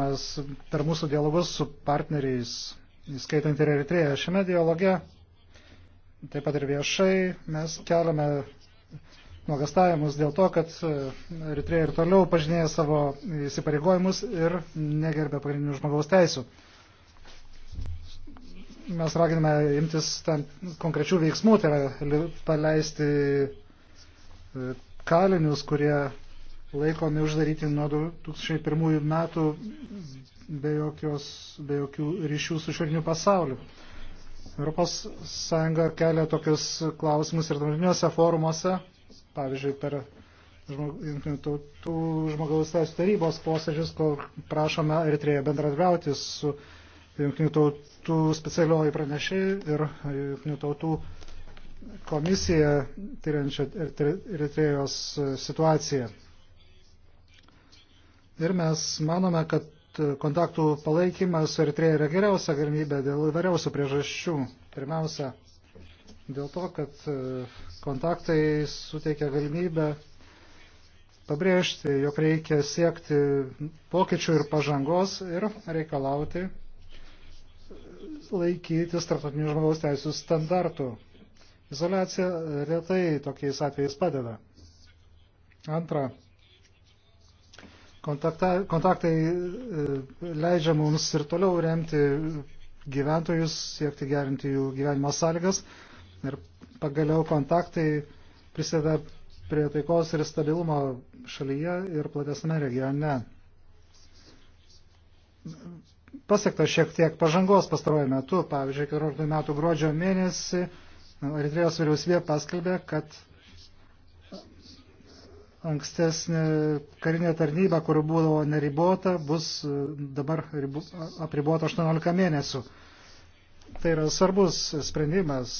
mes per mūsų dialogus su partneriais, įskaitant ir Eritreją, šiame dialoge, taip pat ir viešai, mes keliame nuogastavimus dėl to, kad e, Eritreja ir toliau pažinėja savo įsipareigojimus ir negerbė pagrindinių žmogaus teisų. Mes raginame imtis tam konkrečių veiksmų, tai yra paleisti e, kalinius, kurie laikomi uždaryti nuo 2001 metų be, jokios, be jokių ryšių su šioriniu pasauliu. Europos Sąjunga kelia tokius klausimus ir tarptautiniuose forumuose, pavyzdžiui, per Jungtinių tautų žmogaus teisų tarybos posėdžius, kur prašome Eritreją bendradarbiauti su Jungtinių tautų specialioji pranešiai ir Jungtinių tautų komisija tyriančia Eritrejos situaciją. Ir mes manome, kad kontaktų palaikymas su Eritreja yra geriausia galimybė dėl įvairiausių priežasčių. Pirmiausia, dėl to, kad e, kontaktai suteikia galimybę pabrėžti, jog reikia siekti pokyčių ir pažangos ir reikalauti laikytis tarptautinių žmogaus teisų standartų. Izolacija retai tokiais atvejais padeda. Antra, Kontakta, kontaktai e, leidžia mums ir toliau remti gyventojus, siekti gerinti jų gyvenimo sąlygas ir pagaliau kontaktai prisideda prie taikos ir stabilumo šalyje ir platesname regione. Pasiekta šiek tiek pažangos pastaruoju metu, pavyzdžiui, 14 metų gruodžio mėnesį Eritrejos vyriausybė paskelbė, kad ankstesnė karinė tarnyba, kur buvo neribota, bus e, dabar ribu, apribota 18 mėnesių. Tai yra svarbus sprendimas,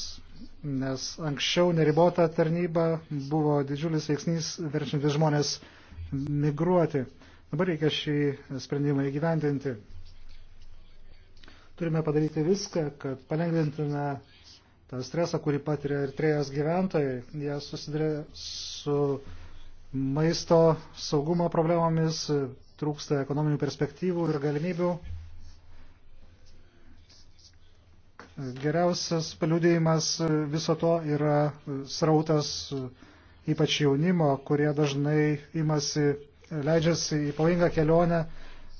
nes anksčiau neribota tarnyba buvo didžiulis veiksnys verčiantis žmonės migruoti. Dabar reikia šį sprendimą įgyvendinti. Turime padaryti viską, kad palengvintume tą stresą, kurį patiria ir trejos gyventojai. Jie susiduria su maisto saugumo problemomis, trūksta ekonominių perspektyvų ir galimybių. Geriausias paliudėjimas viso to yra srautas ypač jaunimo, kurie dažnai imasi, leidžiasi į pavojingą kelionę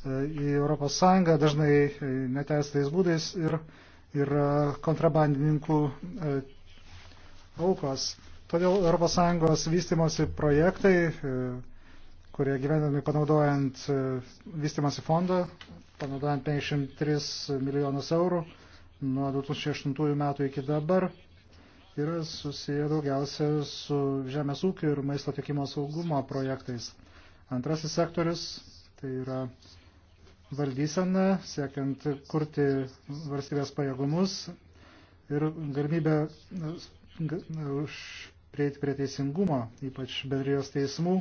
į ES, dažnai neteistais būdais ir yra kontrabandininkų e, aukos. E, Todėl ES vystimosi projektai, e, kurie gyvenami panaudojant e, vystimosi fondą, panaudojant 53 milijonus eurų nuo 2008 metų iki dabar, yra susiję daugiausia su žemės ūkio ir maisto tiekimo saugumo projektais. Antrasis sektorius tai yra valdysena, siekiant kurti valstybės pajėgumus ir galimybę nu, nu, už prieiti prie teisingumo, ypač bendrijos teismų,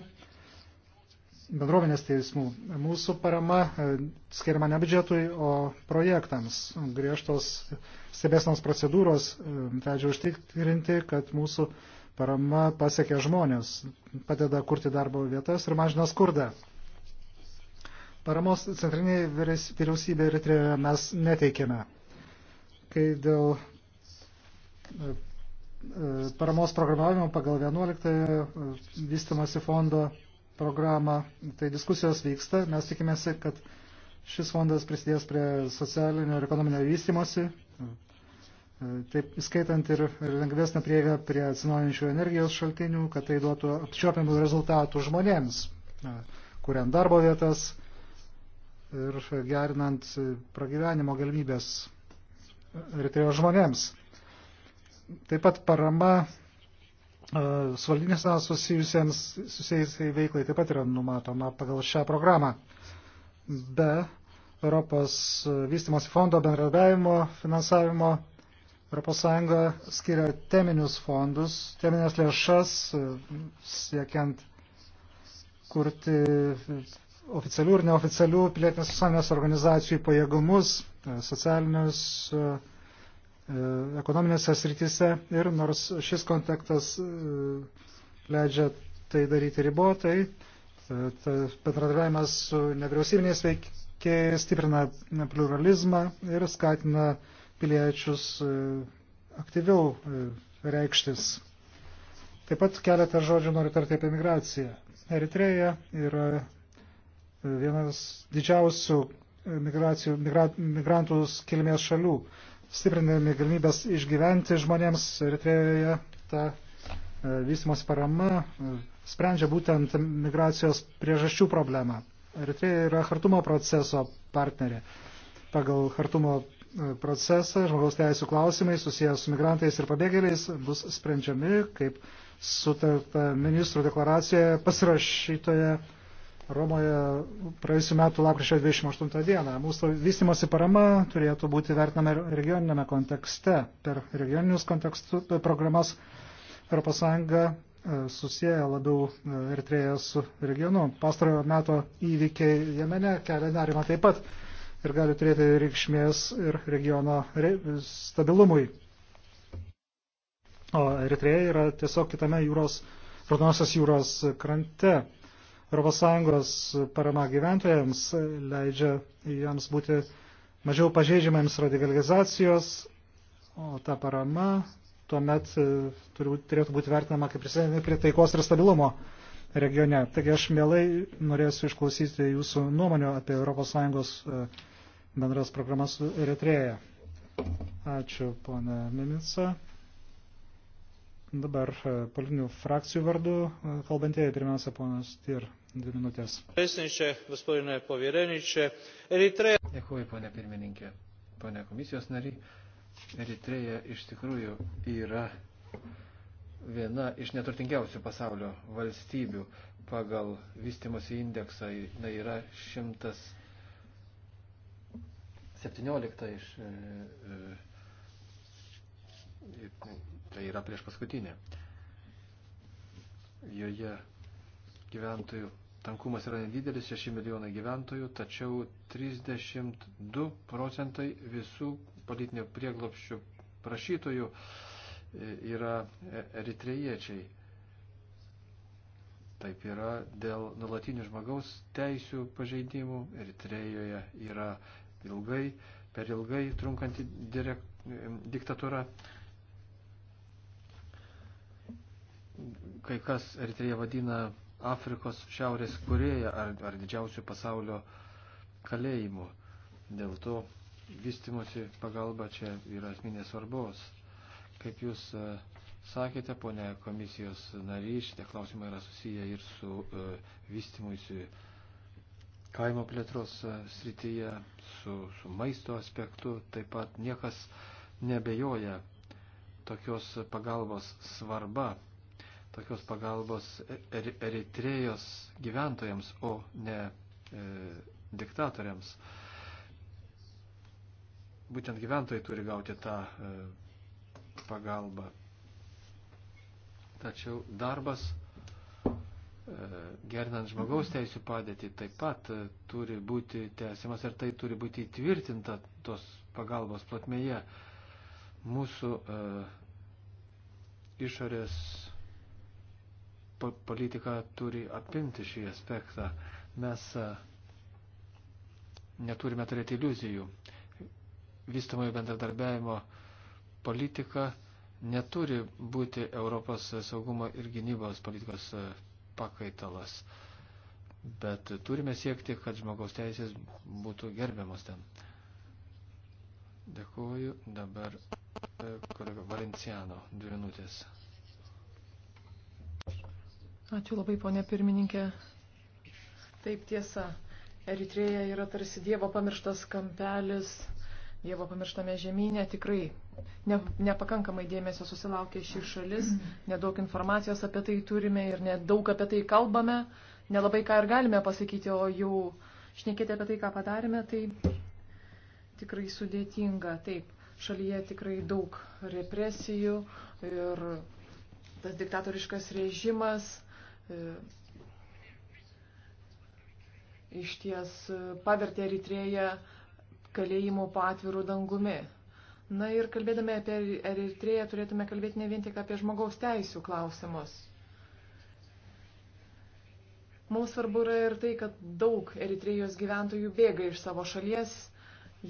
bendrovinės teismų. Mūsų parama e, skiriama ne biudžetui, o projektams. Griežtos stebėsnos procedūros e, leidžia užtikrinti, kad mūsų parama pasiekia žmonės, padeda kurti darbo vietas ir mažina skurdą. Paramos centriniai vyriausybė ir mes neteikėme. Kai dėl e, paramos programavimo pagal 11 e, vystimasi fondo programą. Tai diskusijos vyksta. Mes tikimėsi, kad šis fondas prisidės prie socialinio ir ekonominio vystimosi, e, taip skaitant ir lengvesnę prieigą prie atsinaujinčių energijos šaltinių, kad tai duotų apčiopiamų rezultatų žmonėms, e, kuriant darbo vietas ir gerinant pragyvenimo galimybės Eritrejos žmonėms. Taip pat parama e, su valdinėse susijusiems susijusiai veiklai taip pat yra numatoma pagal šią programą. Be Europos vystimosi fondo bendradavimo finansavimo ES skiria teminius fondus, teminės lėšas e, siekiant kurti oficialių ir neoficialių pilietinės visuomenės organizacijų pajėgumus, e, socialinius uh, E, ekonominėse srityse ir nors šis kontekstas e, leidžia tai daryti ribotai, e, bendradarbiavimas su nevyriausybiniais veikėjais stiprina pluralizmą ir skatina piliečius aktyviau reikštis. Taip pat keletą žodžių noriu tarti apie migraciją. Eritreja yra vienas didžiausių migracijų, migra, migrantų kilmės šalių stiprindami galimybės išgyventi žmonėms Eritrejoje. Ta e, vystimos parama e, sprendžia būtent migracijos priežasčių problemą. Eritreja yra Hartumo proceso partnerė. Pagal Hartumo e, procesą žmogaus teisų klausimai susijęs su migrantais ir pabėgėliais bus sprendžiami, kaip sutarta ministrų deklaracijoje pasirašytoje Romoje praėjusiu metu lakryčio 28 dieną. Mūsų vystimosi parama turėtų būti vertinama regioninėme kontekste. Per regioninius kontekstus programas ES e, susiję labiau e, Eritreją su regionu. Pastarojo meto įvykiai Jemene kelia nerimą taip pat ir gali turėti reikšmės ir regiono stabilumui. O Eritreja yra tiesiog kitame jūros, Raudonosios jūros krante. ES parama gyventojams leidžia jiems būti mažiau pažeidžiamiems radikalizacijos, o ta parama tuomet e, turėtų būti vertinama kaip prisidedami prie taikos ir stabilumo regione. Taigi aš mielai norėsiu išklausyti jūsų nuomonio apie ES e, bendras programas Eritrėje. Ačiū, ponė Mimica. Dabar e, politinių frakcijų vardu kalbantieji pirmiausia ponas Tyr. Dvi minutės. Dėkuoju, ponė pirmininkė, ponė komisijos nariai. Eritreja iš tikrųjų yra viena iš neturtingiausių pasaulio valstybių pagal vystimosi indeksą. Na, yra 117 iš. E, e, tai yra prieš paskutinė. Joje gyventojų Tankumas yra nedidelis, 6 milijonai gyventojų, tačiau 32 procentai visų politinio prieglopščių prašytojų e, yra e, eritrejiečiai. Taip yra dėl nulatinių žmogaus teisių pažeidimų. Eritrejoje yra ilgai, per ilgai trunkanti direk, e, diktatūra. Kai kas Eritreją vadina Afrikos šiaurės Koreja ar, ar didžiausių pasaulio kalėjimų. Dėl to vystimosi pagalba čia yra asmenės svarbos. Kaip jūs e, sakėte, ponė komisijos nariai, šitie klausimai yra susiję ir su e, vystimuisi kaimo plėtros e, srityje, su, su maisto aspektu. Taip pat niekas nebejoja tokios pagalbos svarba tokios pagalbos e, Eritrėjos gyventojams, o ne e, diktatoriams. Būtent gyventojai turi gauti tą e, pagalbą. Tačiau darbas e, gernant žmogaus teisų padėtį taip pat e, turi būti tęsiamas ir tai turi būti įtvirtinta tos pagalbos platmeje. Mūsų e, išorės politika turi apimti šį aspektą. Mes neturime turėti iliuzijų. Vystamojo bendradarbiavimo politika neturi būti Europos saugumo ir gynybos politikos pakaitalas. Bet turime siekti, kad žmogaus teisės būtų gerbiamos ten. Dėkuoju. Dabar e, kolega Valenciano, dvi minutės. Ačiū labai, ponė pirmininkė. Taip tiesa, Eritreja yra tarsi Dievo pamirštas kampelis, Dievo pamirštame žemynė. Tikrai ne, nepakankamai dėmesio susilaukė ši šalis, nedaug informacijos apie tai turime ir nedaug apie tai kalbame, nelabai ką ir galime pasakyti, o jau šnekėti apie tai, ką padarėme, tai tikrai sudėtinga. Taip, šalyje tikrai daug represijų ir tas diktatoriškas režimas E, iš ties pavertė Eritrėją kalėjimo po atvirų dangumi. Na ir kalbėdami apie Eritrėją turėtume kalbėti ne vien tik apie žmogaus teisų klausimus. Mums svarbu yra ir tai, kad daug Eritrėjos gyventojų bėga iš savo šalies,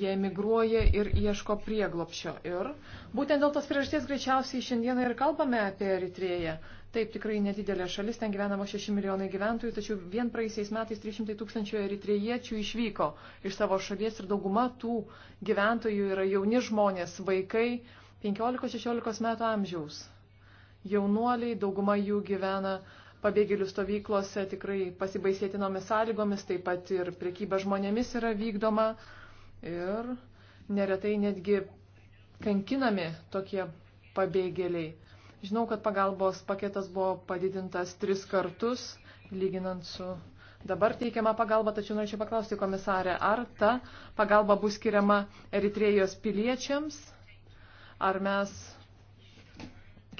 jie emigruoja ir ieško prieglopšio. Ir būtent dėl tos priežasties greičiausiai šiandieną ir kalbame apie Eritrėją. Taip, tikrai nedidelė šalis, ten gyvenama 6 milijonai gyventojų, tačiau vien praeisiais metais 300 tūkstančių eritriečių išvyko iš savo šalies ir dauguma tų gyventojų yra jauni žmonės, vaikai 15-16 metų amžiaus. Jaunuoliai, dauguma jų gyvena pabėgėlių stovyklose tikrai pasibaisėtinomis sąlygomis, taip pat ir priekyba žmonėmis yra vykdoma ir neretai netgi kankinami tokie pabėgėliai. Žinau, kad pagalbos paketas buvo padidintas tris kartus, lyginant su dabar teikiama pagalba, tačiau norėčiau paklausti komisarę, ar ta pagalba bus skiriama Eritrėjos piliečiams, ar mes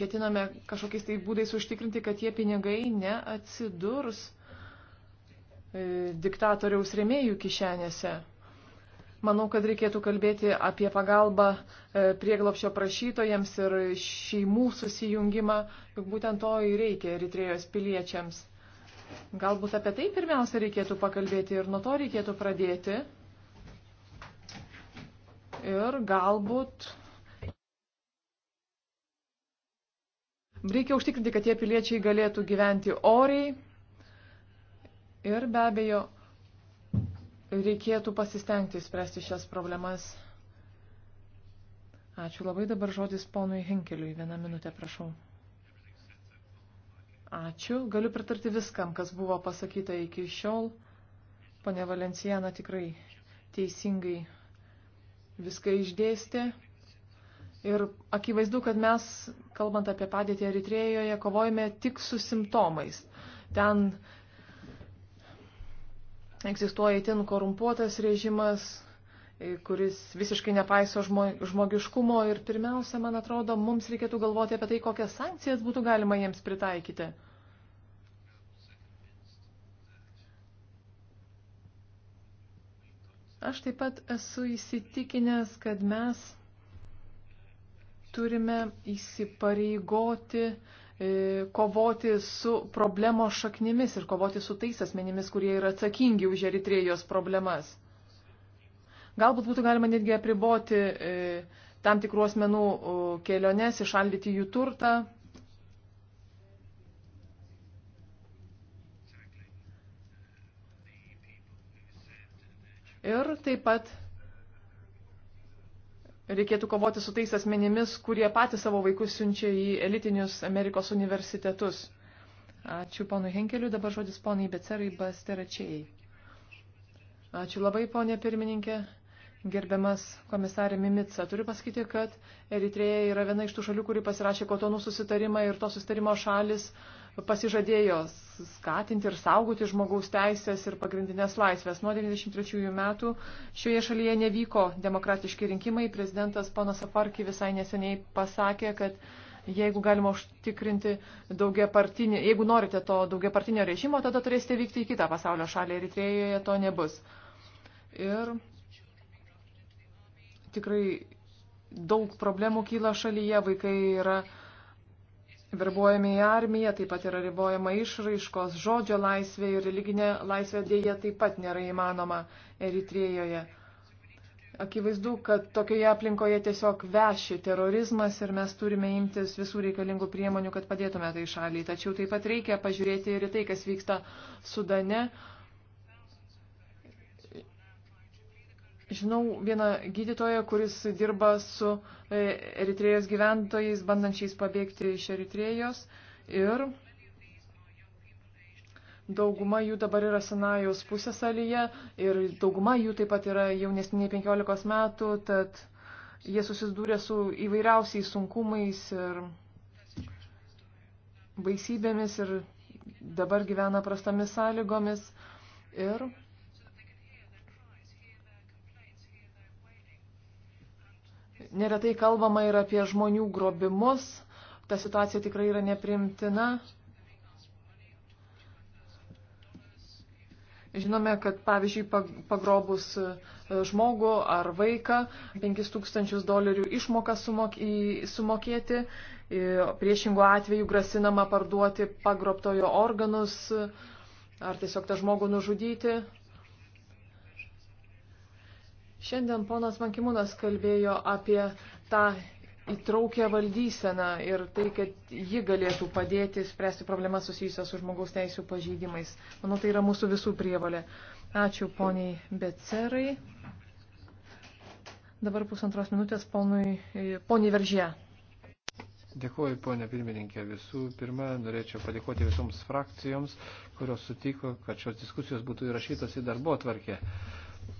ketiname kažkokiais tai būdais užtikrinti, kad tie pinigai neatsidurs e, diktatoriaus remėjų kišenėse. Manau, kad reikėtų kalbėti apie pagalbą e, prieglopšio prašytojams ir šeimų susijungimą, juk būtent to ir reikia Eritrėjos piliečiams. Galbūt apie tai pirmiausia reikėtų pakalbėti ir nuo to reikėtų pradėti. Ir galbūt reikia užtikrinti, kad tie piliečiai galėtų gyventi oriai ir be abejo reikėtų pasistengti spręsti šias problemas. Ačiū labai dabar žodis ponui Henkeliui. Vieną minutę, prašau. Ačiū. Galiu pritarti viskam, kas buvo pasakyta iki šiol. Pane Valenciana tikrai teisingai viską išdėstė. Ir akivaizdu, kad mes, kalbant apie padėtį Eritrėjoje, kovojame tik su simptomais. Ten egzistuoja itin korumpuotas režimas, e, kuris visiškai nepaiso žmogiškumo ir pirmiausia, man atrodo, mums reikėtų galvoti apie tai, kokias sankcijas būtų galima jiems pritaikyti. Aš taip pat esu įsitikinęs, kad mes turime įsipareigoti uh, E, kovoti su problemo šaknimis ir kovoti su tais asmenimis, kurie yra atsakingi už Eritrėjos problemas. Galbūt būtų galima netgi apriboti e, tam tikrų asmenų keliones, išaldyti jų turtą. Ir taip pat reikėtų kovoti su tais asmenimis, kurie patys savo vaikus siunčia į elitinius Amerikos universitetus. Ačiū ponui Henkeliu, dabar žodis poniai Becerai Basteračiai. Ačiū labai, ponė pirmininkė. Gerbiamas komisarė Mimica, turiu pasakyti, kad Eritreja yra viena iš tų šalių, kuri pasirašė kotonų susitarimą ir to susitarimo šalis uh, pasižadėjo skatinti ir saugoti žmogaus teisės ir pagrindinės laisvės. Nuo 1993 metų šioje šalyje nevyko demokratiški rinkimai. Prezidentas ponas Afarki visai neseniai pasakė, kad jeigu galima užtikrinti daugia partinį, jeigu norite to daugia partinio režimo, tada turėsite vykti į kitą pasaulio šalį. Eritrėjoje to nebus. Ir tikrai daug problemų kyla šalyje, vaikai yra verbuojami į armiją, taip pat yra ribojama išraiškos, žodžio laisvė ir religinė laisvė dėja taip pat nėra įmanoma Eritrėjoje. Akivaizdu, kad tokioje aplinkoje tiesiog veši terorizmas ir mes turime imtis visų reikalingų priemonių, kad padėtume tai šaliai. Tačiau taip pat reikia pažiūrėti ir į tai, kas vyksta Sudane, Žinau vieną gydytoją, kuris dirba su e, Eritrėjos gyventojais, bandančiais pabėgti iš Eritrėjos. Ir dauguma jų dabar yra Sinajaus pusėsalyje ir dauguma jų taip pat yra jaunesniai 15 metų, tad jie susidūrė su įvairiausiais sunkumais ir baisybėmis ir dabar gyvena prastomis sąlygomis. Ir Neretai kalbama ir apie žmonių grobimus. Ta situacija tikrai yra neprimtina. Žinome, kad pavyzdžiui pagrobus e, žmogų ar vaiką 5000 dolerių išmoka sumokėti, e, priešingų atveju grasinama parduoti pagrobtojo organus ar tiesiog tą žmogų nužudyti. Šiandien ponas Mankimūnas kalbėjo apie tą įtraukę valdyseną ir tai, kad ji galėtų padėti spręsti problemas susijusias su žmogaus teisų pažydimais. Manau, tai yra mūsų visų prievalė. Ačiū poniai Becerai. Dabar pusantros minutės ponui, e, poniai Veržė. Dėkuoju, ponė pirmininkė. Visų pirma, norėčiau padėkoti visoms frakcijoms, kurios sutiko, kad šios diskusijos būtų įrašytos į darbo atvarkę.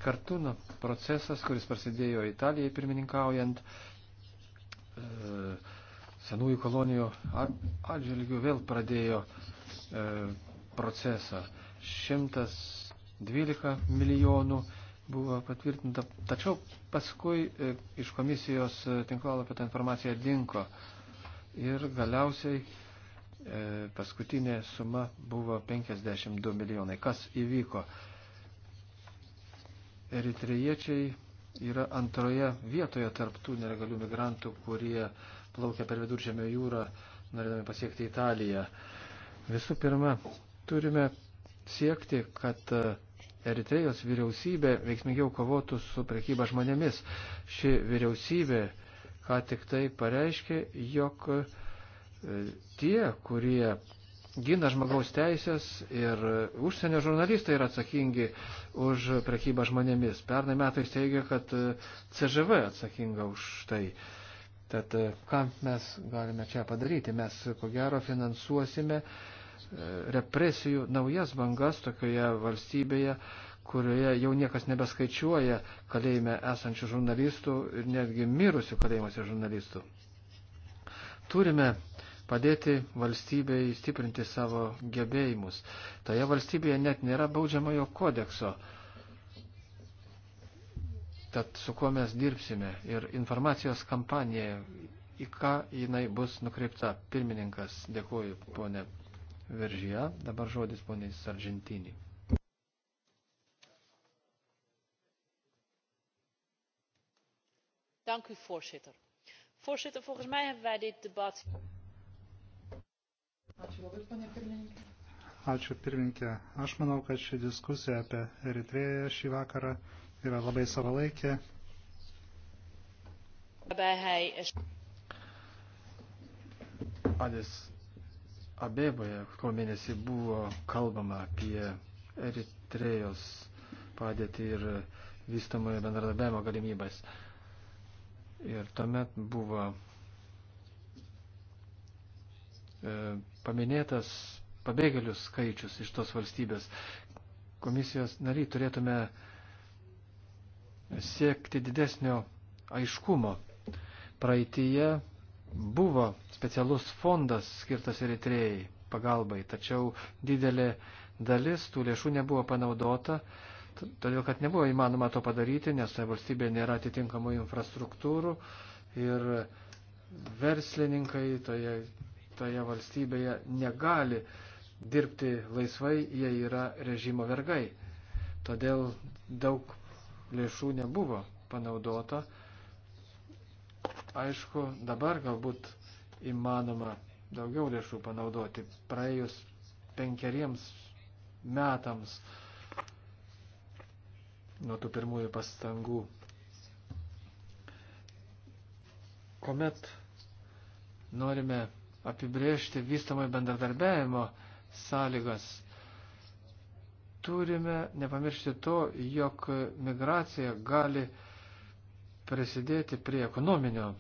Kartuno procesas, kuris prasidėjo Italijai pirmininkaujant, e, senųjų kolonijų atžvilgių vėl pradėjo e, procesą. 112 milijonų buvo patvirtinta, tačiau paskui e, iš komisijos tinklalapio ta informacija dinko. Ir galiausiai paskutinė suma buvo 52 milijonai. Kas įvyko? eritrejiečiai yra antroje vietoje tarptų nelegalių migrantų, kurie plaukia per viduržėmio jūrą, norėdami pasiekti Italiją. Visų pirma, turime siekti, kad Eritrejos vyriausybė veiksmingiau kovotų su prekyba žmonėmis. Ši vyriausybė ką tik tai pareiškė, jog e, tie, kurie gina žmogaus teisės ir užsienio žurnalistai yra atsakingi už prekybą žmonėmis. Pernai metais teigia, kad e, CŽV atsakinga už tai. Tad e, ką mes galime čia padaryti? Mes ko gero finansuosime e, represijų naujas bangas tokioje valstybėje, kurioje jau niekas nebeskaičiuoja kalėjime esančių žurnalistų ir netgi mirusių kalėjimuose žurnalistų. Turime padėti valstybei stiprinti savo gebėjimus. Toje valstybėje net nėra baudžiamojo kodekso. Tad su kuo mes dirbsime ir informacijos kampanija, į ką jinai bus nukreipta. Pirmininkas, dėkuoju, ponė Veržyje. Dabar žodis ponė Sargentinį. voorzitter volgens mij hebben wij dit debat. Ačiū labai, ponė pirmininkė. Ačiū pirmininkė. Aš manau, kad ši diskusija apie Eritreją šį vakarą yra labai savalaikė. Adis Abeboje, ko mėnesį buvo kalbama apie Eritrejos padėtį ir vystamojo bendradarbiavimo galimybės. Ir tuomet buvo E, paminėtas pabėgėlių skaičius iš tos valstybės. Komisijos nariai turėtume siekti didesnio aiškumo. Praeitįje buvo specialus fondas skirtas Eritrėjai pagalbai, tačiau didelė dalis tų lėšų nebuvo panaudota, todėl kad nebuvo įmanoma to padaryti, nes tai valstybė nėra atitinkamų infrastruktūrų ir verslininkai toje toje valstybėje negali dirbti laisvai, jie yra režimo vergai. Todėl daug lėšų nebuvo panaudota. Aišku, dabar galbūt įmanoma daugiau lėšų panaudoti. Praėjus penkeriems metams nuo tų pirmųjų pastangų. Komet norime apibriežti vystamai bendradarbiajimo sąlygas. Turime nepamiršti to, jog migracija gali prisidėti prie ekonominio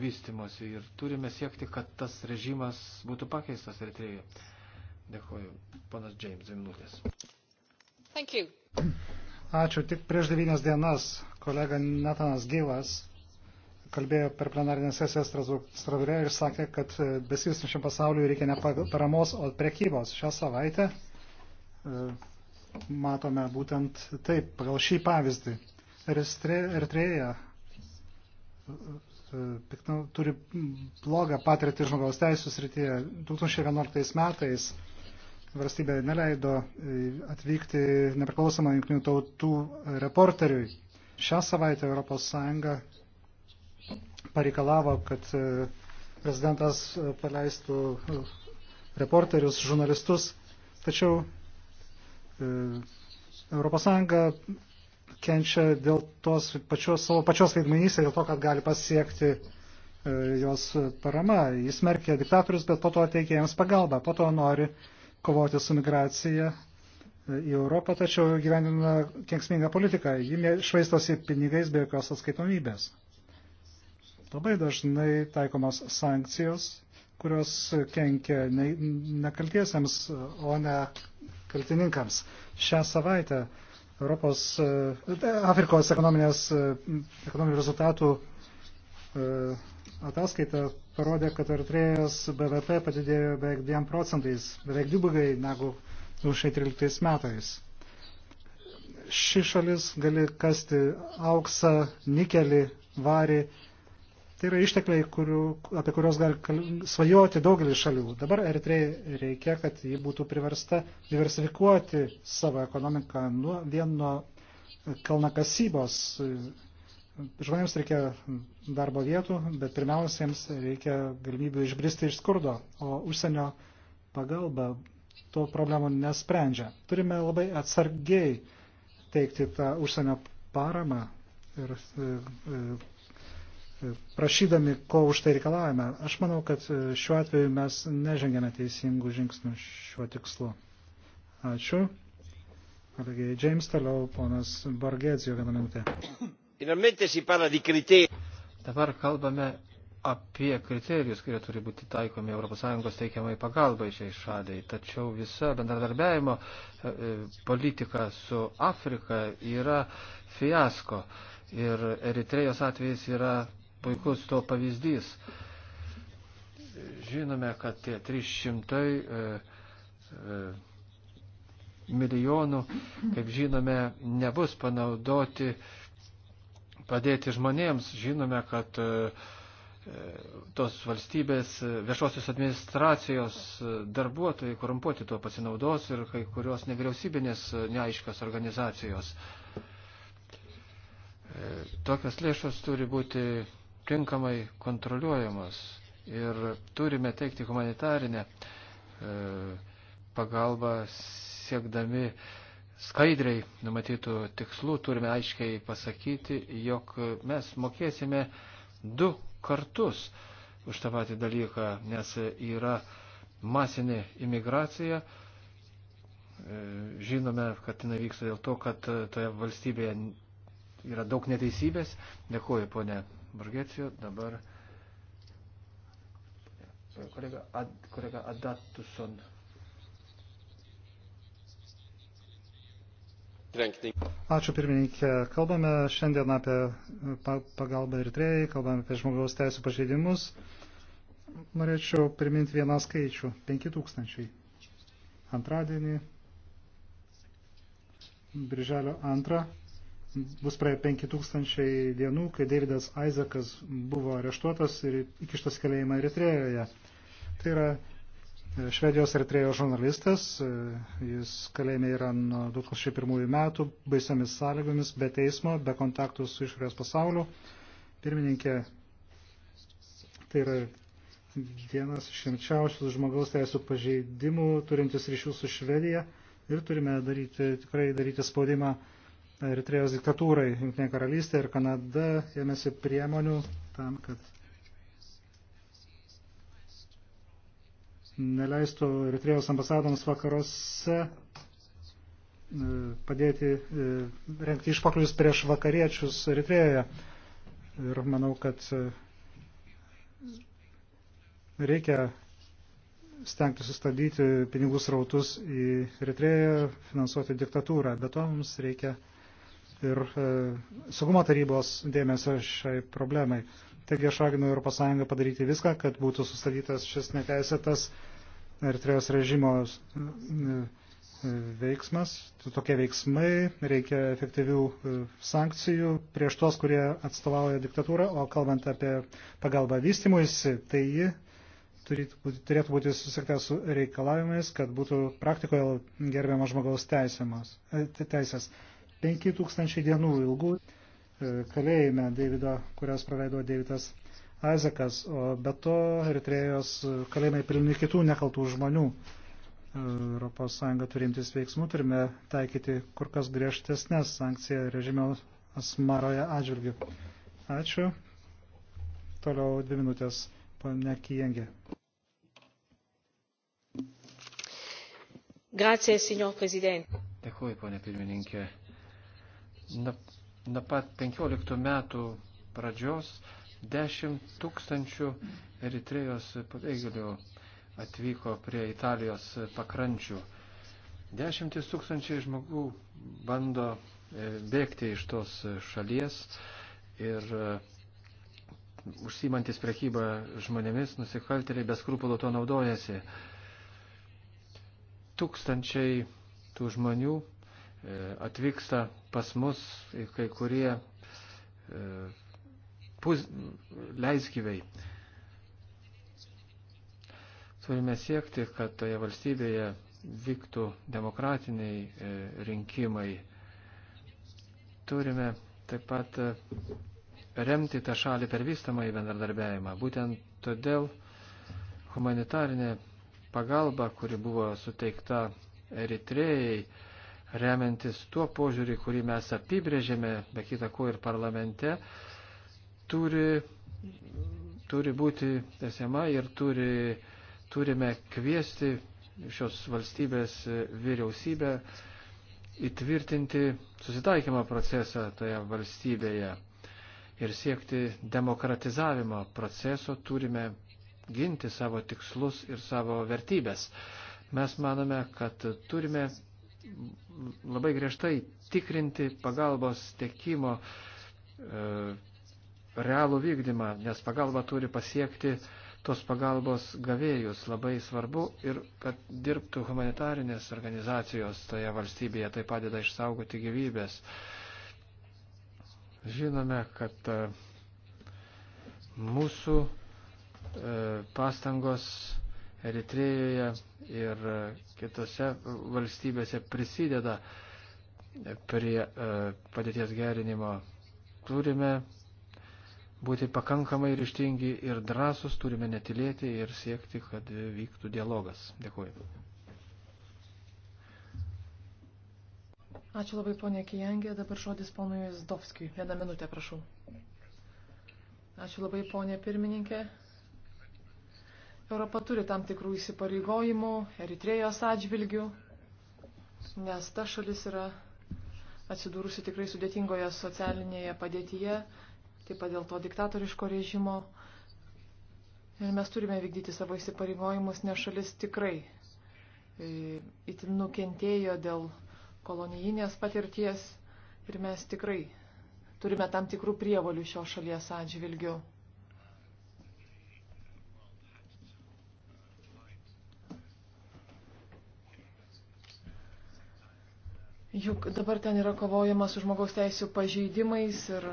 vystimosi ir turime siekti, kad tas režimas būtų pakeistas Eritrėje. Dėkuoju, panas James, dvi minutės. Ačiū. Tik prieš devynias dienas kolega Netanas Gyvas kalbėjo per plenarinę sesiją Strasbūrė ir sakė, kad e, besivystančiam pasauliui reikia ne paramos, o prekybos. Šią savaitę e, matome būtent taip, pagal šį pavyzdį. Eritreja e, turi blogą patirtį žmogaus teisų srityje. 2011 metais valstybė neleido atvykti nepriklausomą jungtinių tautų reporteriui. Šią savaitę ES pareikalavo, kad e, prezidentas e, paleistų e, reporterius, žurnalistus. Tačiau ES kenčia dėl tos pačios, savo pačios veidmainys ir dėl to, kad gali pasiekti jos parama. Jis merkia diktatorius, bet po to teikia jiems pagalbą, po to nori kovoti su migracija į Europą, tačiau gyvenina kenksmingą politiką. Ji švaistosi pinigais be jokios atskaitomybės. Labai dažnai taikomos sankcijos, kurios kenkia ne, nekaltiesiems, o ne kaltininkams. Šią savaitę Europos, e, Afrikos ekonominės, e, ekonominių rezultatų e, ataskaita parodė, kad Artrėjos BVP padidėjo beveik 2 procentais, beveik dvigubai negu 2013 metais. Ši šalis gali kasti auksą, nikelį, varį Tai yra ištekliai, kurių, apie kurios gali svajoti daugelis šalių. Dabar Eritrejai reikia, kad ji būtų priversta diversifikuoti savo ekonomiką nuo vieno kalnakasybos. Žmonėms reikia darbo vietų, bet pirmiausia, jiems reikia galimybių išbristi iš skurdo, o užsienio pagalba to problemų nesprendžia. Turime labai atsargiai teikti tą užsienio paramą ir e, e, prašydami, ko už tai reikalavome. Aš manau, kad e, šiuo atveju mes nežengėme teisingų žingsnių šiuo tikslu. Ačiū. Kolegiai James, toliau ponas Borgėdzijo vieną minutę. Dabar kalbame apie kriterijus, kurie turi būti taikomi ES teikiamai pagalbai šiai šaliai. Tačiau visa bendradarbiajimo e, e, politika su Afrika yra fiasko. Ir Eritrejos atvejis yra puikus to pavyzdys. Žinome, kad tie 300 e, e, milijonų, kaip žinome, nebus panaudoti padėti žmonėms. Žinome, kad e, e tos valstybės e, viešosios administracijos e, darbuotojai korumpuoti tuo pasinaudos ir kai kurios nevyriausybinės neaiškios organizacijos. Tokios lėšos turi būti tinkamai kontroliuojamos ir turime teikti humanitarinę e, pagalbą siekdami skaidriai numatytų tikslų, turime aiškiai pasakyti, jog mes mokėsime du kartus už tą patį dalyką, nes yra masinė imigracija. E, žinome, kad jinai vyksta dėl to, kad toje valstybėje yra daug neteisybės. Dėkuoju, ponė Borgecijo, dabar e, kolega, Ad, kolega Adatuson. Ačiū pirmininkė. Kalbame šiandien apie e, pagalbą ir trejai, kalbame apie žmogaus teisų pažeidimus. Norėčiau priminti vieną skaičių - 5000. Antradienį, birželio 2 bus praėję 5000 dienų, kai Davidas Aizakas buvo areštuotas ir įkištas kalėjimą Eritrejoje. Tai yra e, Švedijos Eritrejos žurnalistas, e, jis kalėjime yra nuo 2001 metų, baisiomis sąlygomis, be teismo, be kontaktų su išorės pasauliu. Pirmininkė, tai yra vienas iš rimčiausių žmogaus teisų pažeidimų, turintis ryšių su Švedija ir turime daryti, tikrai daryti spaudimą Eritrejos diktatūrai. Junktinė karalystė ir Kanada ėmėsi priemonių tam, kad neleistų Eritrejos ambasadoms vakaruose e, padėti e, rengti išpaklius prieš vakariečius Eritrejoje. Ir manau, kad e, reikia stengti sustabdyti pinigų srautus į Eritreją, finansuoti diktatūrą. Be to mums reikia ir e, saugumo tarybos dėmesio šiai problemai. Taigi aš raginu Europos Sąjungą padaryti viską, kad būtų sustabdytas šis neteisėtas Eritreos režimo e, e, veiksmas, tokie veiksmai, reikia efektyvių e, sankcijų prieš tuos, kurie atstovauja diktatūrą, o kalbant apie pagalbą vystimuisi, tai ji turėtų būti susikta su reikalavimais, kad būtų praktikoje gerbiamas žmogaus teisėmas, teisės. 5000 dienų ilgų e, kalėjime Davido, kurias praleido Davidas Aizekas, o be to Eritrėjos kalėjimai pilni kitų nekaltų žmonių. ES turintis veiksmų turime taikyti kur kas griežtesnės sankciją režimo asmaroje atžvilgių. Ačiū. Toliau dvi minutės pane Kijengė. Grazie, signor Presidente. Dėkuoju, ponė pirmininkė nuo pat 15 metų pradžios 10 tūkstančių Eritrejos pabėgėlių atvyko prie Italijos pakrančių. Dešimtis tūkstančiai žmogų bando e, bėgti iš tos šalies ir e, užsimantis prekybą žmonėmis, nusikaltėliai be skrupulo to naudojasi. Tūkstančiai tų žmonių E, atvyksta pas mus kai kurie e, pus, leisgyviai. Turime siekti, kad toje valstybėje vyktų demokratiniai e, rinkimai. Turime taip pat remti tą šalį per vystamą į bendradarbiavimą. Būtent todėl humanitarinė pagalba, kuri buvo suteikta Eritrėjai, remiantis tuo požiūrį, kurį mes apibrėžėme, be kita ko ir parlamente, turi, turi būti tesiama ir turi, turime kviesti šios valstybės vyriausybę įtvirtinti susitaikymo procesą toje valstybėje ir siekti demokratizavimo proceso, turime ginti savo tikslus ir savo vertybės. Mes manome, kad turime labai griežtai tikrinti pagalbos tiekimo e, realų vykdymą, nes pagalba turi pasiekti tos pagalbos gavėjus. Labai svarbu ir kad dirbtų humanitarinės organizacijos toje valstybėje, tai padeda išsaugoti gyvybės. Žinome, kad e, mūsų e, pastangos Eritrejoje ir kitose valstybėse prisideda prie e, padėties gerinimo. Turime būti pakankamai ryštingi ir drąsus, turime netilėti ir siekti, kad vyktų dialogas. Dėkuoju. Ačiū labai ponė Kijangė, dabar žodis ponui Zdovskijui. Vieną minutę, prašau. Ačiū labai ponė pirmininkė. Europa turi tam tikrų įsipareigojimų Eritrėjos atžvilgių, nes ta šalis yra atsidūrusi tikrai sudėtingoje socialinėje padėtyje, taip pat dėl to diktatoriško režimo. Ir mes turime vykdyti savo įsipareigojimus, nes šalis tikrai e, itin nukentėjo dėl kolonijinės patirties ir mes tikrai turime tam tikrų prievolių šios šalies atžvilgių. Juk dabar ten yra kovojama su žmogaus teisų pažeidimais ir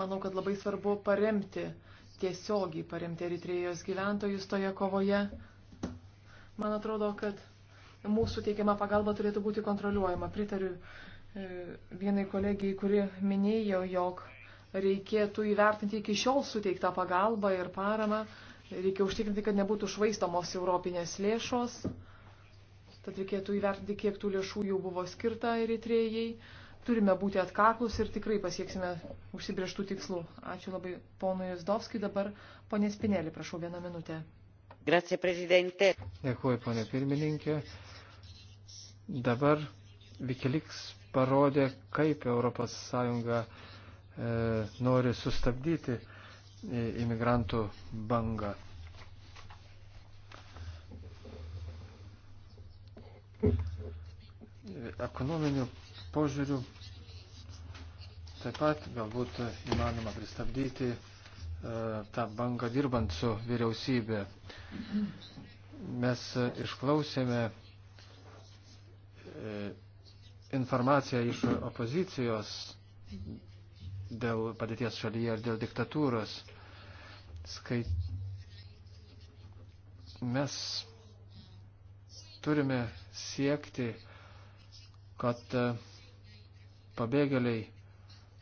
manau, kad labai svarbu paremti, tiesiogiai paremti Eritrėjos gyventojus toje kovoje. Man atrodo, kad mūsų teikiama pagalba turėtų būti kontroliuojama. Pritariu e, vienai kolegijai, kuri minėjo, jog reikėtų įvertinti iki šiol suteiktą pagalbą ir paramą. Reikia užtikrinti, kad nebūtų švaistomos europinės lėšos. Tad reikėtų įvertinti, kiek tų lėšų jau buvo skirta eritrėjai. Turime būti atkaklus ir tikrai pasieksime užsibrieštų tikslų. Ačiū labai ponui Jazdovskijui. Dabar ponė Spinelį, prašau, vieną minutę. Grazie, prezidente. Dėkuoju, ponė pirmininkė. Dabar Vikiliks parodė, kaip ES e, nori sustabdyti e, imigrantų bangą. Ekonominių požiūrių taip pat galbūt įmanoma pristabdyti e, tą bangą dirbant su vyriausybė. Mes išklausėme e, informaciją iš opozicijos dėl padėties šalyje ir dėl diktatūros. Skait... Mes turime siekti, kad e, pabėgėliai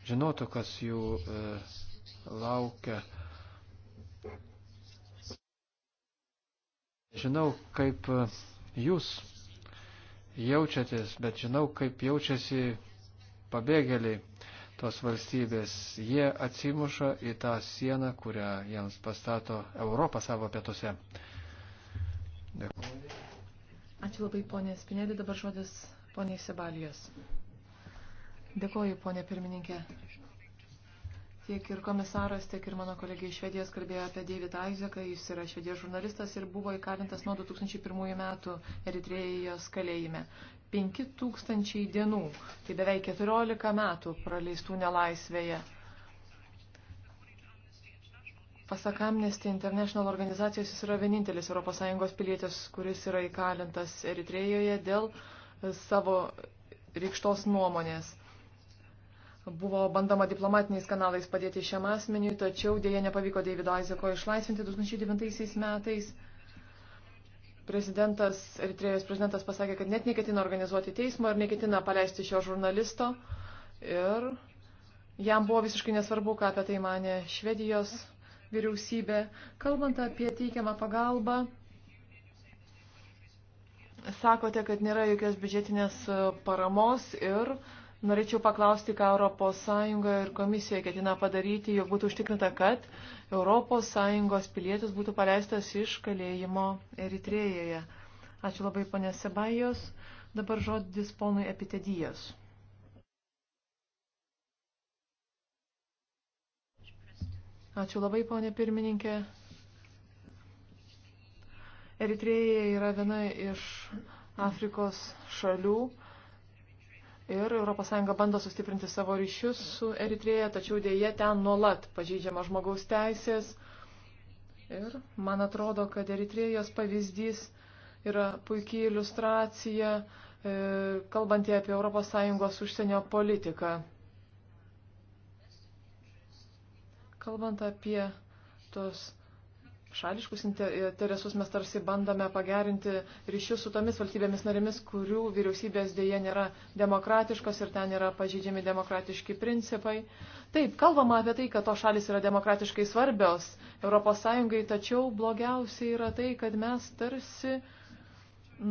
žinotų, kas jų e, laukia. Žinau, kaip e, jūs jaučiatės, bet žinau, kaip jaučiasi pabėgėliai tos valstybės. Jie atsimuša į tą sieną, kurią jiems pastato Europą savo pietuose. Dėkui. Ačiū labai, ponė Spinėlė. Dabar žodis ponė Sebalijos. Dėkoju, ponė pirmininkė. Tiek ir komisaras, tiek ir mano kolegė iš Švedijos kalbėjo apie Davidą Aizeką. Jis yra švedijos žurnalistas ir buvo įkalintas nuo 2001 metų Eritrėjos kalėjime. 5000 dienų, tai beveik 14 metų praleistų nelaisvėje. Pasak Amnesty International organizacijos jis yra vienintelis ES pilietis, kuris yra įkalintas Eritrėjoje dėl e, savo rykštos nuomonės. Buvo bandama diplomatiniais kanalais padėti šiam asmeniui, tačiau dėje nepavyko Davido Aizeko išlaisvinti 2009 metais. Prezidentas, Eritrėjos prezidentas pasakė, kad net neketina organizuoti teismo ir neketina paleisti šio žurnalisto. Ir jam buvo visiškai nesvarbu, ką apie tai mane Švedijos vyriausybė. Kalbant apie teikiamą pagalbą, sakote, kad nėra jokios biudžetinės e, paramos ir norėčiau paklausti, ką ES ir komisija ketina padaryti, jog būtų užtikrinta, kad ES pilietis būtų paleistas iš kalėjimo Eritrėjoje. Ačiū labai, ponė Sebajos. Dabar žodis ponui Epitedijas. Ačiū labai, ponė pirmininkė. Eritrėja yra viena iš Afrikos šalių ir ES bando sustiprinti savo ryšius su Eritrėja, tačiau dėje ten nuolat pažydžiama žmogaus teisės. Ir man atrodo, kad Eritrėjos pavyzdys yra puikiai iliustracija, e, kalbant apie ES užsienio politiką. Kalbant apie tos šališkus interesus, mes tarsi bandome pagerinti ryšius su tomis valstybėmis narėmis, kurių vyriausybės dėje nėra demokratiškos ir ten yra pažydžiami demokratiški principai. Taip, kalbama apie tai, kad tos šalis yra demokratiškai svarbios ES, tačiau blogiausia yra tai, kad mes tarsi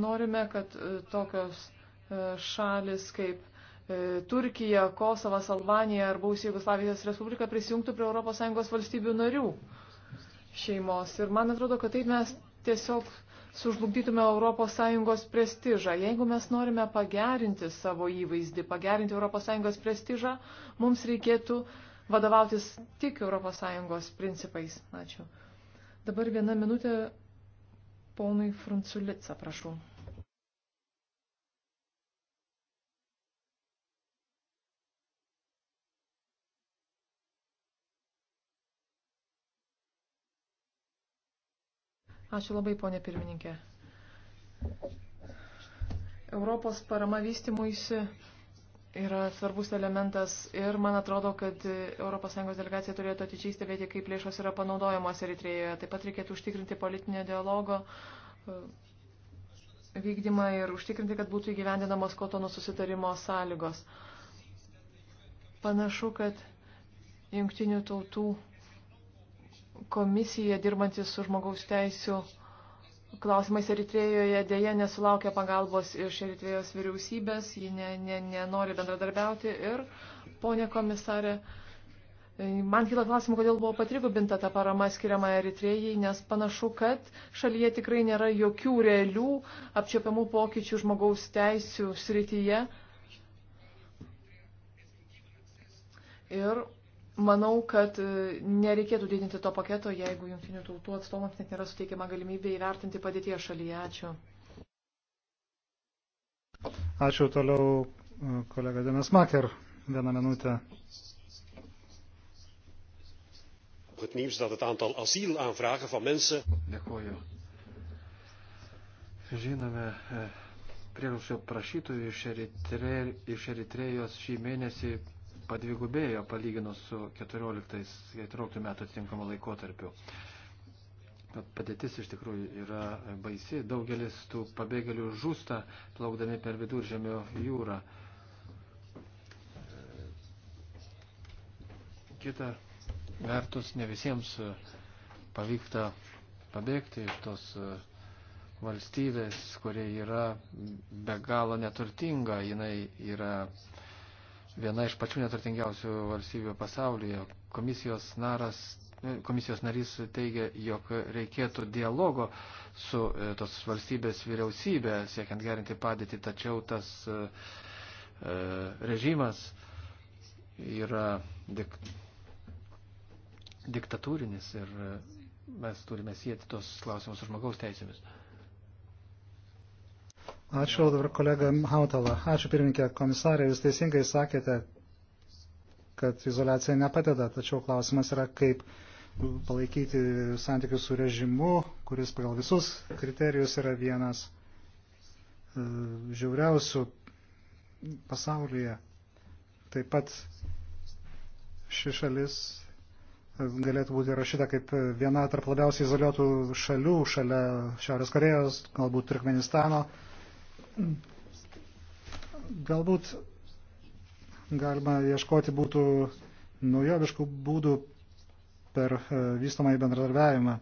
norime, kad e, tokios e, šalis kaip E, Turkija, Kosovas, Albanija ar buvusi Jugoslavijos Respublika prisijungtų prie ES valstybių narių šeimos. Ir man atrodo, kad taip mes tiesiog sužlugdytume ES prestižą. Jeigu mes norime pagerinti savo įvaizdį, pagerinti ES prestižą, mums reikėtų vadovautis tik ES principais. Ačiū. Dabar viena minutė ponui Frunculica, prašau. Ačiū labai, ponė pirmininkė. Europos parama vystimuisi yra svarbus elementas ir man atrodo, kad ES delegacija turėtų atidžiai stebėti, kaip lėšos yra panaudojamos Eritrėjoje. Taip pat reikėtų užtikrinti politinio dialogo e, vykdymą ir užtikrinti, kad būtų įgyvendinamos kotono susitarimo sąlygos. Panašu, kad jungtinių tautų komisija dirbantis su žmogaus teisų klausimais Eritrėjoje dėje nesulaukia pagalbos iš Eritrėjos vyriausybės, ji ne, ne, nenori bendradarbiauti ir, ponė komisarė, man kyla klausimų, kodėl buvo patrigubinta ta parama skiriama Eritrėjai, nes panašu, kad šalyje tikrai nėra jokių realių apčiopiamų pokyčių žmogaus teisų srityje. Ir manau, kad e, nereikėtų didinti to paketo, jeigu jungtinių tautų atstovams net nėra suteikiama galimybė įvertinti padėtie šalyje. Ačiū. Ačiū toliau e, kolega Demes Maker. Vieną minutę. Het nieuws dat het aantal asielaanvragen van mensen. Dėkuoju. Žinome, e, prieglobsčio prašytojų iš, Eritre, iš Eritrejos šį mėnesį padvigubėjo palyginus su 14-14 metų atitinkamu laikotarpiu. Padėtis iš tikrųjų yra baisi. Daugelis tų pabėgėlių žūsta plaukdami per viduržemio jūrą. Kita vertus, ne visiems pavyksta pabėgti iš tos valstybės, kurie yra be galo neturtinga, jinai yra viena iš pačių neturtingiausių valstybių pasaulyje. Komisijos, naras, komisijos narys teigia, jog reikėtų dialogo su e, tos valstybės vyriausybė, siekiant gerinti padėtį, tačiau tas e, e režimas yra dik, diktatūrinis ir e, mes turime sieti tos klausimus su žmogaus teisėmis. Ačiū dabar kolega Hautala. Ačiū pirmininkė komisarė, jūs teisingai sakėte, kad izolacija nepadeda, tačiau klausimas yra, kaip palaikyti santykius su režimu, kuris pagal visus kriterijus yra vienas e, žiauriausių pasaulyje. Taip pat ši šalis e, galėtų būti rašyta kaip viena tarp labiausiai izoliuotų šalių šalia Šiaurės Korejos, galbūt Turkmenistano. Galbūt galima ieškoti būtų naujoviškų būdų per e, vystomą į bendradarbiavimą.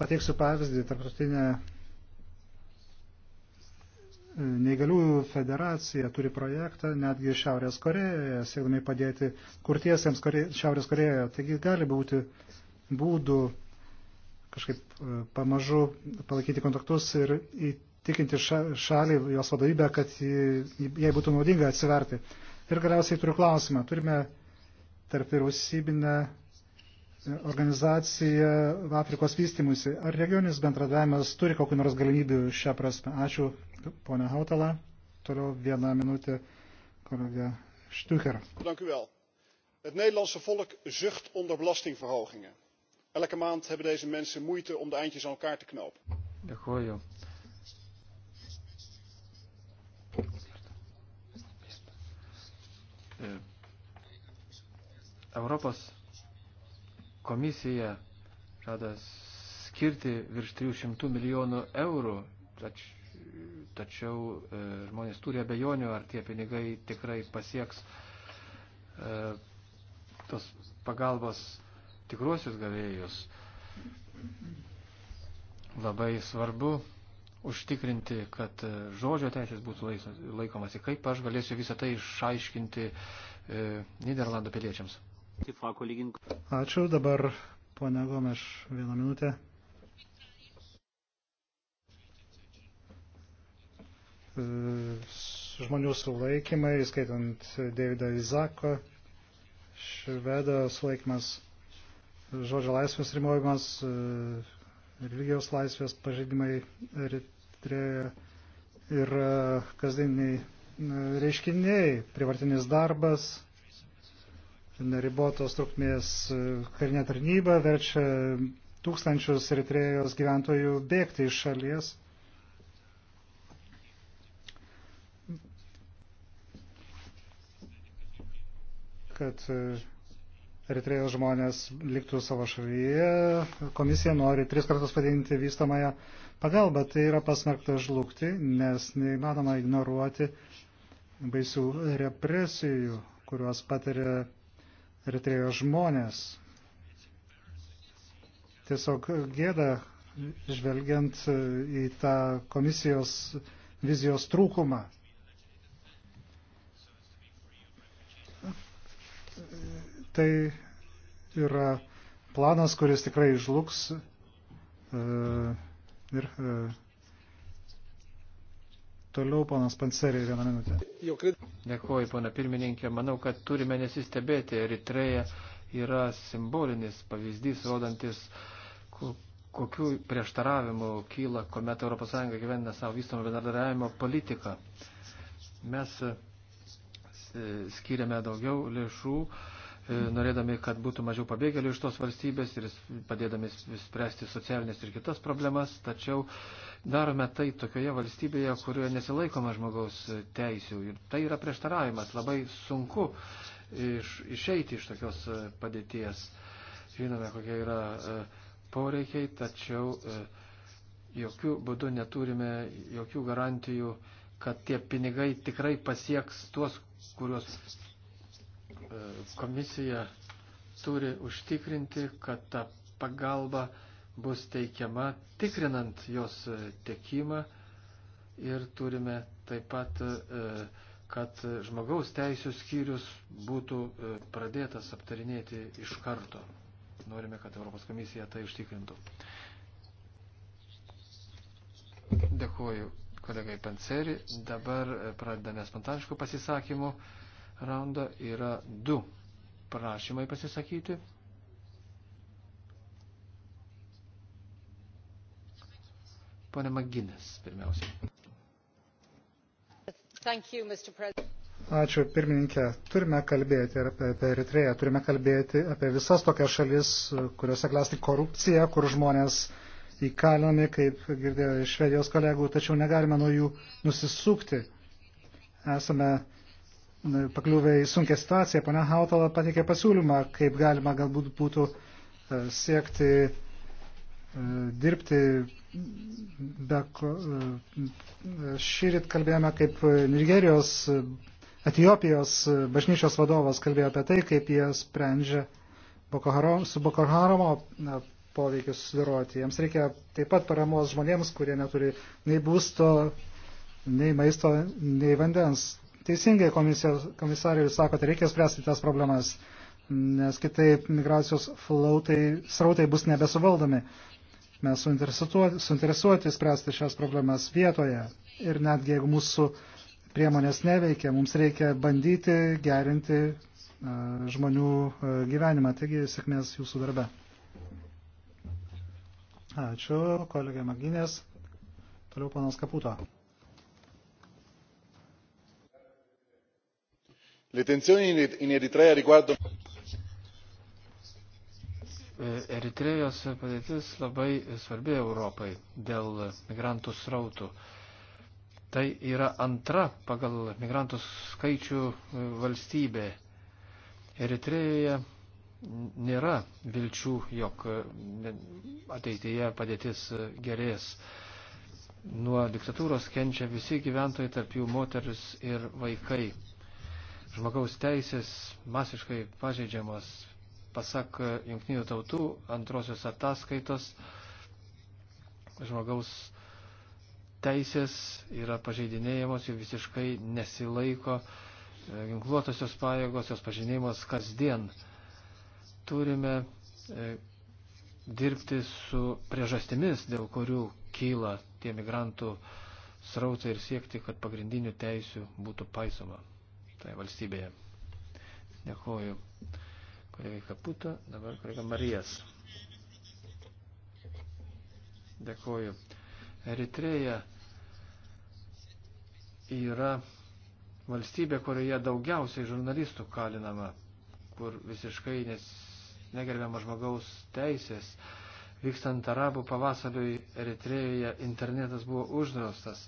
Pateiksiu pavyzdį, tarptautinė e, neįgaliųjų federacija turi projektą netgi Šiaurės Korejoje, siekdami padėti kurtiesiems Kore... Šiaurės Korejoje. Taigi gali būti būdų kažkaip e, pamažu palaikyti kontaktus ir tikinti šalį, jos vadovybę, kad jai būtų naudinga atsiverti. Ir galiausiai turiu klausimą. Turime tarp vyriausybinę organizaciją Afrikos vystimusi. Ar regioninis bendradavimas turi kokiu nors galimybių šią prasme? Ačiū, ponia Hautala. Toliau vieną minutę, kolega Štucher. Dank u wel. Het Nederlandse volk zucht onder belastingverhogingen. Elke maand hebben deze mensen moeite om de eindjes aan elkaar te knopen. Dėkuoju. Europos komisija žada skirti virš 300 milijonų eurų, tač, tačiau e, žmonės turi abejonių, ar tie pinigai tikrai pasieks e, tos pagalbos tikruosius gavėjus. Labai svarbu užtikrinti, kad e, žodžio teisės būtų laikomasi. Kaip aš galėsiu visą tai išaiškinti e, Niderlandų piliečiams? Ačiū. Dabar ponia Gomeš, vieną minutę. E, žmonių sulaikymai, skaitant Davidą Izako, švedo sulaikymas, žodžio laisvės rimojimas, e, religijos laisvės pažeidimai Eritrejoje ir e, kasdieniniai reiškiniai, privartinis darbas, neribotos trukmės e, karinė tarnyba verčia tūkstančius Eritrėjos gyventojų bėgti iš šalies. kad e, Eritrėjos žmonės liktų savo šalyje. Komisija nori tris kartus padidinti vystamąją pagalbą. Tai yra pasmerkta žlugti, nes neįmanoma ignoruoti baisių represijų, kuriuos patiria Eritrėjos žmonės. Tiesiog gėda žvelgiant e, į tą komisijos vizijos trūkumą. Tai yra planas, kuris tikrai žlugs e, ir e, Toliau ponas Panseriai vieną minutę. Dėkuoju, pana pirmininkė. Manau, kad turime nesistebėti. Eritreja yra simbolinis pavyzdys, rodantis, kokiu prieštaravimu kyla, kuomet ES gyvena savo vystomą bendradarbiavimo politiką. Mes e, skiriame daugiau lėšų E, norėdami, kad būtų mažiau pabėgėlių iš tos valstybės ir padėdami spręsti socialinės ir kitas problemas, tačiau darome tai tokioje valstybėje, kurioje nesilaikoma žmogaus teisių. Ir tai yra prieštaravimas, labai sunku iš, išeiti iš tokios e, padėties. Žinome, kokie yra e, poreikiai, tačiau jokių būdų neturime jokių garantijų kad tie pinigai tikrai pasieks tuos, kuriuos E, komisija turi užtikrinti, kad ta pagalba bus teikiama tikrinant jos e, tiekimą ir turime taip pat, e, kad žmogaus teisų skyrius būtų pradėtas aptarinėti iš karto. Norime, kad Europos komisija tai užtikrintų. Dėkuoju kolegai Panceri. Dabar pradedame spontaniškų pasisakymų raundą yra du prašymai pasisakyti. Pone Maginis, pirmiausia. Ačiū, pirmininkė. Turime kalbėti apie, apie Eritreją, turime kalbėti apie visas tokias šalis, kuriuose klesti korupcija, kur žmonės įkalinami, kaip girdėjo iš švedijos kolegų, tačiau negalime nuo jų nusisukti. Esame pakliuvę į sunkę situaciją, pana Hautala pateikė pasiūlymą, kaip galima galbūt būtų e, siekti e, dirbti. Be, e, šį rytą kalbėjome, kaip Nigerijos, Etijopijos bažnyčios vadovas kalbėjo apie tai, kaip jie sprendžia Boko Haram, su Boko Haramo poveikiu susidoroti. Jiems reikia taip pat paramos žmonėms, kurie neturi nei būsto, nei maisto, nei vandens. Teisingai komisariai sakote, reikia spręsti tas problemas, nes kitaip migracijos flautai, srautai bus nebesuvaldomi. Mes suinteresuoti, suinteresuoti spręsti šias problemas vietoje ir netgi jeigu mūsų priemonės neveikia, mums reikia bandyti gerinti žmonių gyvenimą. Taigi sėkmės jūsų darbe. Ačiū, kolegė Maginės. Toliau panas Kaputo. le tensioni in eritrea riguardano. E, eritrėjos padėtis labai svarbi europai dėl migrantų srautų. Tai yra antra pagal migrantų skaičių e, valstybė. Eritrėjoje nėra vilčių, jog e, ateityje padėtis gerės. Nuo diktatūros kenčia visi gyventojai, tarp jų moteris ir vaikai žmogaus teisės masiškai pažeidžiamos. Pasak Junktinių tautų antrosios ataskaitos, žmogaus teisės yra pažeidinėjamos, jų visiškai nesilaiko e, ginkluotosios pajėgos, jos pažinėjimas kasdien. Turime e, dirbti su priežastimis, dėl kurių kyla tie migrantų srautai ir siekti, kad pagrindinių teisių būtų paisoma toje valstybėje. Dėkuoju kolegai Kaputo, dabar kolega Marijas. Dėkuoju. Eritreja yra valstybė, kurioje daugiausiai žurnalistų kalinama, kur visiškai nes, negerbiama žmogaus teisės. Vykstant arabų pavasariui Eritrejoje internetas buvo uždraustas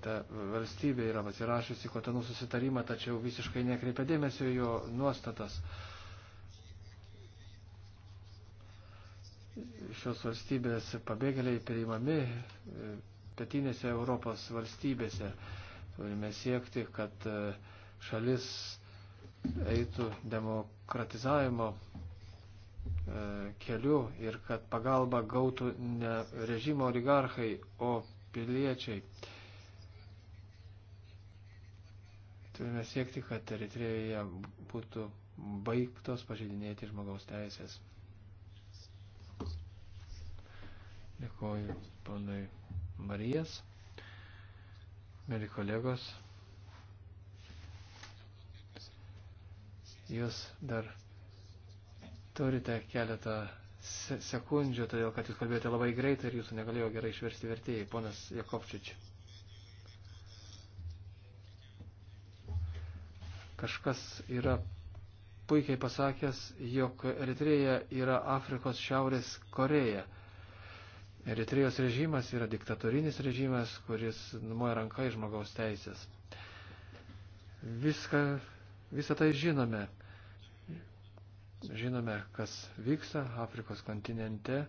ta valstybė yra pasirašusi kotanų susitarimą, tačiau visiškai nekreipia dėmesio jo nuostatas. Šios valstybės pabėgėliai priimami e, pietinėse Europos valstybėse. Turime siekti, kad e, šalis eitų demokratizavimo e, keliu ir kad pagalbą gautų ne režimo oligarchai, o piliečiai. turime siekti, kad Eritrėje būtų baigtos pažeidinėti žmogaus teisės. Dėkuoju ponui Marijas, mėly kolegos. Jūs dar turite keletą sekundžių, todėl kad jūs kalbėjote labai greitai ir jūsų negalėjo gerai išversti vertėjai, ponas Jakovčičius. Kažkas yra puikiai pasakęs, jog Eritreja yra Afrikos šiaurės Koreja. Eritrejos režimas yra diktatorinis režimas, kuris numoja ranka į žmogaus teisės. Viską, visą tai žinome. Žinome, kas vyksta Afrikos kontinente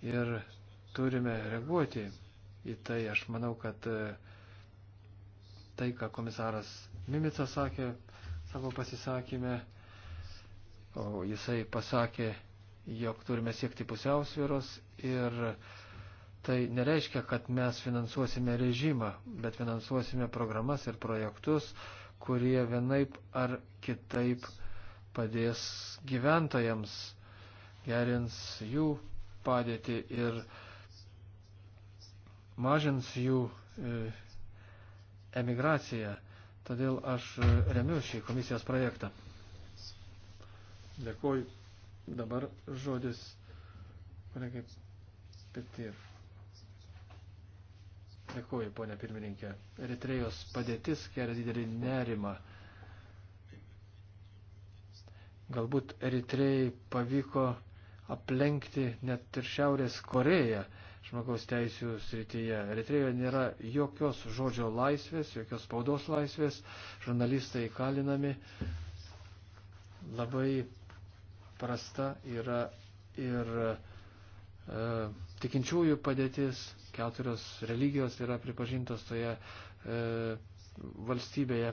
ir turime reaguoti į tai. Aš manau, kad e, tai, ką komisaras Mimica sakė, savo pasisakymę, o jisai pasakė, jog turime siekti pusiausvėros ir tai nereiškia, kad mes finansuosime režimą, bet finansuosime programas ir projektus, kurie vienaip ar kitaip padės gyventojams, gerins jų padėtį ir mažins jų e, emigraciją. E, Todėl aš e, remiu šį komisijos projektą. Dėkuoju. Dabar žodis kolegai Petir. Dėkuoju, ponia pirmininkė. Eritrejos padėtis kelia didelį nerimą. Galbūt Eritrejai pavyko aplenkti net ir Šiaurės Koreją žmogaus teisų srityje. Eritrejoje nėra jokios žodžio laisvės, jokios spaudos laisvės, žurnalistai kalinami. Labai prasta yra ir e, tikinčiųjų padėtis, keturios religijos yra pripažintos toje e, valstybėje,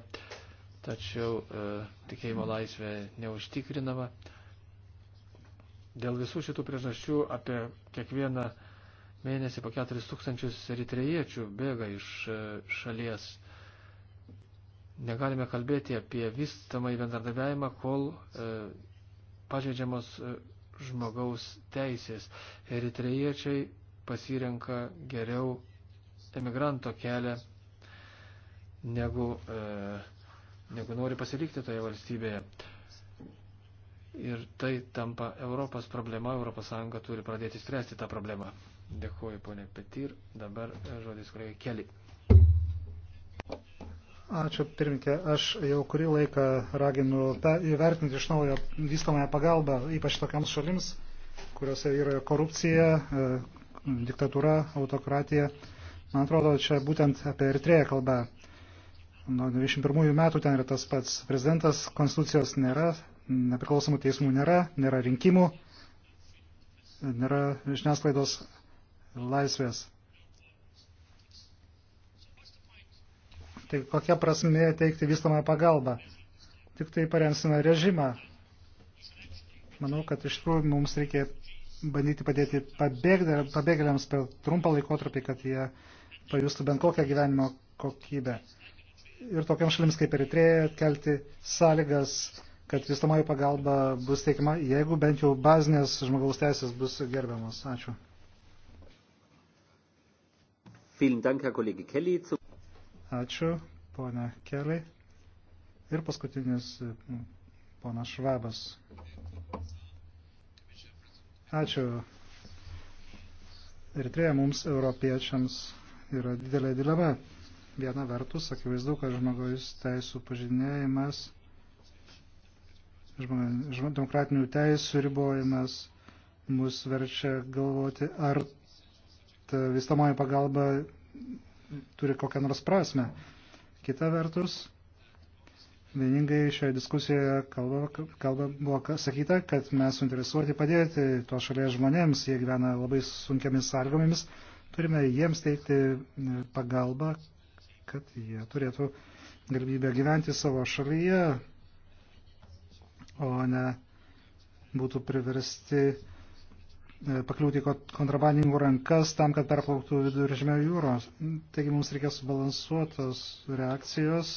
tačiau e, tikėjimo laisvė neužtikrinama. Dėl visų šitų priežasčių apie kiekvieną e, mėnesį po 4 tūkstančius eritrejiečių bėga iš e, šalies. Negalime kalbėti apie vystamą bendradarbiavimą, kol e, pažeidžiamos e, žmogaus teisės. Eritrejiečiai pasirenka geriau emigranto kelią, negu, e, negu nori pasilikti toje valstybėje. Ir tai tampa Europos problema, Europos Sąjunga turi pradėti spręsti tą problemą. Dėkuoju, ponė Petir. Dabar e, žodis kolegai Keli. Ačiū, pirminkė. Aš jau kurį laiką raginu įvertinti iš naujo vystamąją pagalbą, ypač tokiams šalims, kuriuose yra korupcija, e, diktatūra, autokratija. Man atrodo, čia būtent apie Eritreją kalba. Nuo 91 metų ten yra tas pats prezidentas, konstitucijos nėra, nepriklausomų teismų nėra, nėra rinkimų, nėra žiniasklaidos laisvės. Tai kokia prasmė teikti vystamą pagalbą? Tik tai paremsime režimą. Manau, kad iš tikrųjų mums reikia bandyti padėti pabėgėliams per trumpą laikotarpį, kad jie pajustų bent kokią gyvenimo kokybę. Ir tokiam šalims kaip Eritreja kelti sąlygas, kad vystamoji pagalba bus teikiama, jeigu bent jau bazinės žmogaus teisės bus gerbiamos. Ačiū. Ačiū, ponia Keliai. Ir paskutinis ponas Švabas. Ačiū. Eritreja mums, europiečiams, yra didelė dilema. Viena vertus, akivaizdu, kad žmogaus teisų pažinėjimas, žmog, demokratinių teisų ribojimas mus verčia galvoti, ar vystamoji pagalba turi kokią nors prasme. Kita vertus, vieningai šioje diskusijoje kalba, kalba buvo sakyta, kad mes suinteresuoti padėti to šalies žmonėms, jie gyvena labai sunkiamis sąlygomis, turime jiems teikti e, pagalbą, kad jie turėtų galimybę gyventi savo šalyje, o ne būtų priversti pakliūti kontrabandininkų rankas tam, kad perplauktų viduržemio jūros. Taigi mums reikės subalansuotos reakcijos.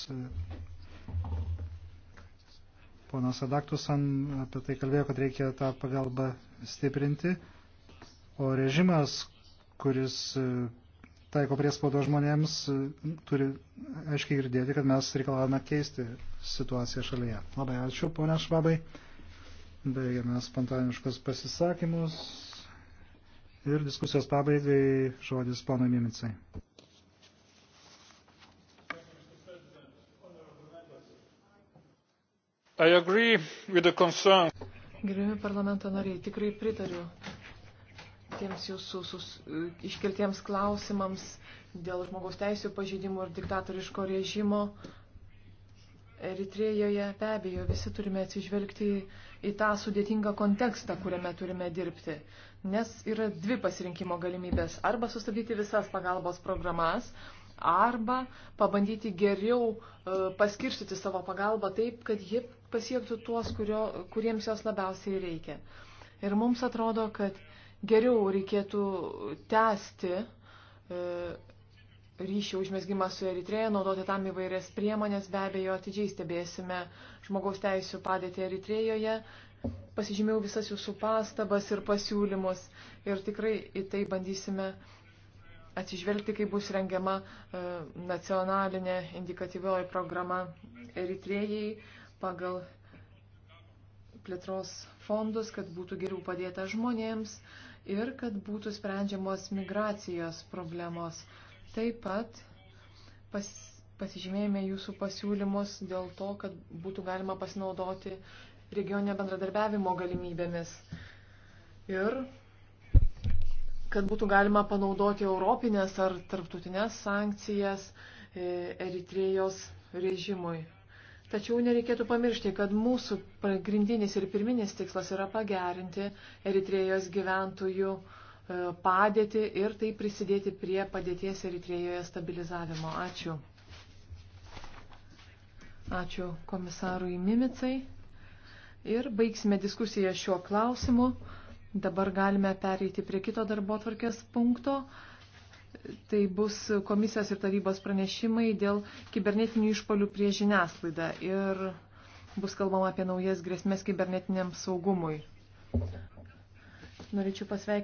Ponas Adaktusan apie tai kalbėjo, kad reikia tą pagalbą stiprinti. O režimas, kuris e, taiko priespaudo žmonėms, e, turi aiškiai girdėti, kad mes reikalavome keisti situaciją šalyje. Labai ačiū, ponia Švabai. Baigiame spontaniškus pasisakymus. Ir diskusijos pabaigai žodis pono Mimicai. Gerbiami parlamento nariai, tikrai pritariu tiems jūsų sus, iškeltiems klausimams dėl žmogaus teisų pažydimų ir diktatoriško režimo. Eritrėjoje be abejo visi turime atsižvelgti į tą sudėtingą kontekstą, kuriame turime dirbti nes yra dvi pasirinkimo galimybės. Arba sustabdyti visas pagalbos programas, arba pabandyti geriau e, paskirstyti savo pagalbą taip, kad ji pasiektų tuos, kurio, kuriems jos labiausiai reikia. Ir mums atrodo, kad geriau reikėtų tęsti e, ryšio užmėsgymą su Eritreja, naudoti tam įvairias priemonės, be abejo, atidžiai stebėsime žmogaus teisų padėtį Eritrejoje pasižymėjau visas jūsų pastabas ir pasiūlymus ir tikrai į tai bandysime atsižvelgti, kai bus rengiama e, nacionalinė indikatyvioji programa Eritrėjai pagal plėtros fondus, kad būtų geriau padėta žmonėms ir kad būtų sprendžiamos migracijos problemos. Taip pat pas, pasižymėjome jūsų pasiūlymus dėl to, kad būtų galima pasinaudoti regioninio bendradarbiavimo galimybėmis ir kad būtų galima panaudoti europinės ar tarptautinės sankcijas e, Eritrėjos režimui. Tačiau nereikėtų pamiršti, kad mūsų pagrindinis ir pirminis tikslas yra pagerinti Eritrėjos gyventojų e, padėtį ir tai prisidėti prie padėties Eritrėjoje stabilizavimo. Ačiū. Ačiū komisarui Mimicai ir baigsime diskusiją šiuo klausimu. Dabar galime pereiti prie kito darbo tvarkės punkto. Tai bus komisijos ir tarybos pranešimai dėl kibernetinių išpolių prie žiniasklaidą ir bus kalbama apie naujas grėsmės kibernetiniam saugumui. Norėčiau pasveikinti.